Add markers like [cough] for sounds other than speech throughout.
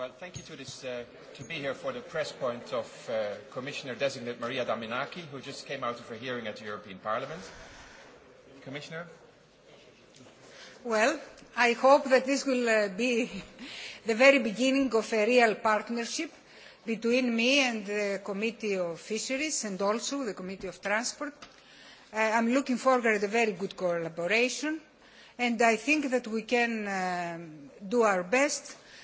Well, thank you to, this, uh, to be here for the press point of uh, Commissioner-designate Maria Daminaki, who just came out of a hearing at the European Parliament. Commissioner? Well, I hope that this will uh, be [laughs] the very beginning of a real partnership between me and the Committee of Fisheries and also the Committee of Transport. Uh, I'm looking forward to a very good collaboration and I think that we can uh, do our best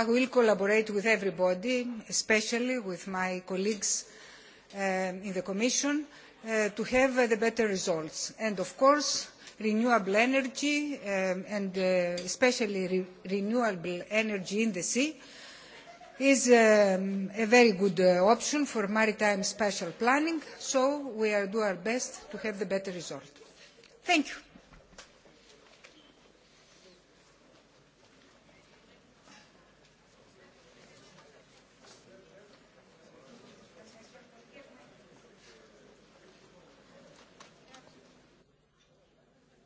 I will collaborate with everybody, especially with my colleagues uh, in the Commission, uh, to have uh, the better results. And of course, renewable energy, um, and uh, especially re renewable energy in the sea, is um, a very good uh, option for maritime spatial planning, so we will do our best to have the better result. Thank you.